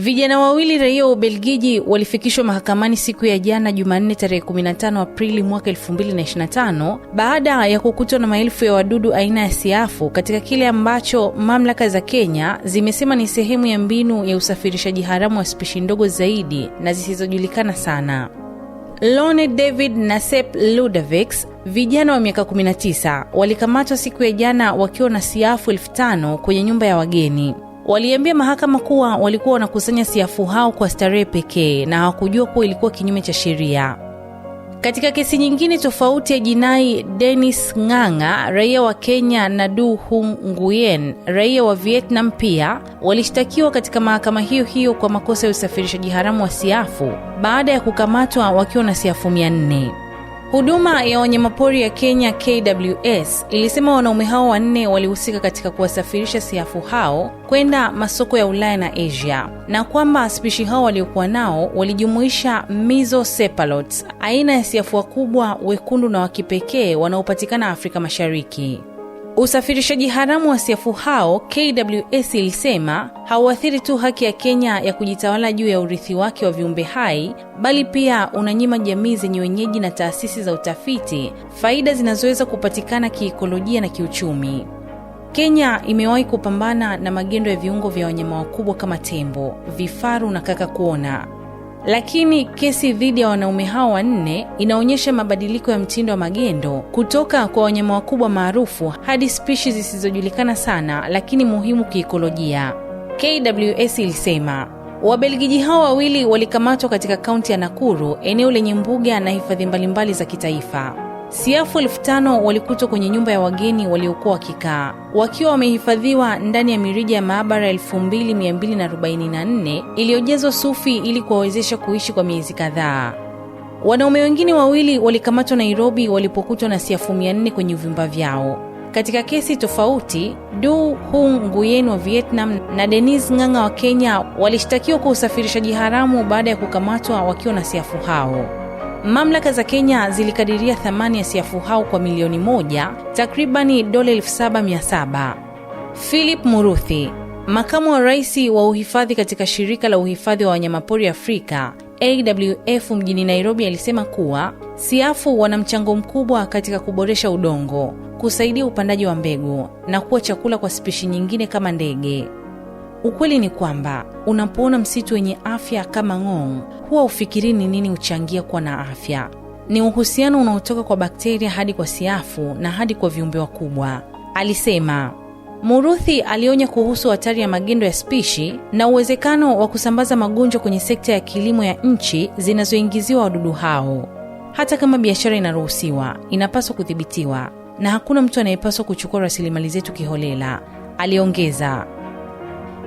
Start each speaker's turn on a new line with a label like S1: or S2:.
S1: Vijana wawili raia wa Ubelgiji walifikishwa mahakamani siku ya jana Jumanne tarehe 15 Aprili mwaka 2025 baada ya kukutwa na maelfu ya wadudu aina ya siafu katika kile ambacho mamlaka za Kenya zimesema ni sehemu ya mbinu ya usafirishaji haramu wa spishi ndogo zaidi na zisizojulikana sana. Lone David na sep Ludovics vijana wa miaka 19 walikamatwa siku ya jana wakiwa na siafu 5 kwenye nyumba ya wageni. Waliambia mahakama kuwa walikuwa wanakusanya siafu hao kwa starehe pekee na hawakujua kuwa ilikuwa kinyume cha sheria. Katika kesi nyingine tofauti ya jinai, Dennis Ng'ang'a, raia wa Kenya, na Du Hung Nguyen, raia wa Vietnam, pia walishtakiwa katika mahakama hiyo hiyo kwa makosa ya usafirishaji haramu wa siafu baada ya kukamatwa wakiwa na siafu 4 Huduma ya wanyamapori ya Kenya KWS ilisema wanaume hao wanne walihusika katika kuwasafirisha siafu hao kwenda masoko ya Ulaya na Asia na kwamba spishi hao waliokuwa nao walijumuisha Mizosepalotes, aina ya siafu wakubwa wekundu na wa kipekee wanaopatikana Afrika Mashariki. Usafirishaji haramu wa siafu hao KWS ilisema hauathiri tu haki ya Kenya ya kujitawala juu ya urithi wake wa viumbe hai, bali pia unanyima jamii zenye wenyeji na taasisi za utafiti faida zinazoweza kupatikana kiikolojia na kiuchumi. Kenya imewahi kupambana na magendo ya viungo vya wanyama wakubwa kama tembo, vifaru na kaka kuona. Lakini kesi dhidi ya wanaume hao wanne inaonyesha mabadiliko ya mtindo wa magendo kutoka kwa wanyama wakubwa maarufu hadi spishi zisizojulikana sana lakini muhimu kiikolojia. KWS ilisema Wabelgiji hao wawili walikamatwa katika kaunti ya Nakuru, eneo lenye mbuga na hifadhi mbalimbali za kitaifa. Siafu elfu tano walikutwa kwenye nyumba ya wageni waliokuwa wakikaa wakiwa wamehifadhiwa ndani ya mirija ya maabara 2244 iliyojazwa sufi ili kuwawezesha kuishi kwa miezi kadhaa. Wanaume wengine wawili walikamatwa Nairobi walipokutwa na siafu 400 kwenye vyumba vyao. Katika kesi tofauti, Du Hung Nguyen wa Vietnam na Denis Ng'ang'a wa Kenya walishtakiwa kwa usafirishaji haramu baada ya kukamatwa wakiwa na siafu hao. Mamlaka za Kenya zilikadiria thamani ya siafu hao kwa milioni moja, takribani dola saba. Philip Muruthi, makamu wa rais wa uhifadhi katika shirika la uhifadhi wa wanyamapori Afrika AWF mjini Nairobi alisema kuwa siafu wana mchango mkubwa katika kuboresha udongo, kusaidia upandaji wa mbegu na kuwa chakula kwa spishi nyingine kama ndege. Ukweli ni kwamba unapoona msitu wenye afya kama Ngong, huwa ufikiri ni nini huchangia kuwa na afya. Ni uhusiano unaotoka kwa bakteria hadi kwa siafu na hadi kwa viumbe wakubwa, alisema. Muruthi alionya kuhusu hatari ya magendo ya spishi na uwezekano wa kusambaza magonjwa kwenye sekta ya kilimo ya nchi zinazoingiziwa wadudu hao. Hata kama biashara inaruhusiwa, inapaswa kudhibitiwa na hakuna mtu anayepaswa kuchukua rasilimali zetu kiholela, aliongeza.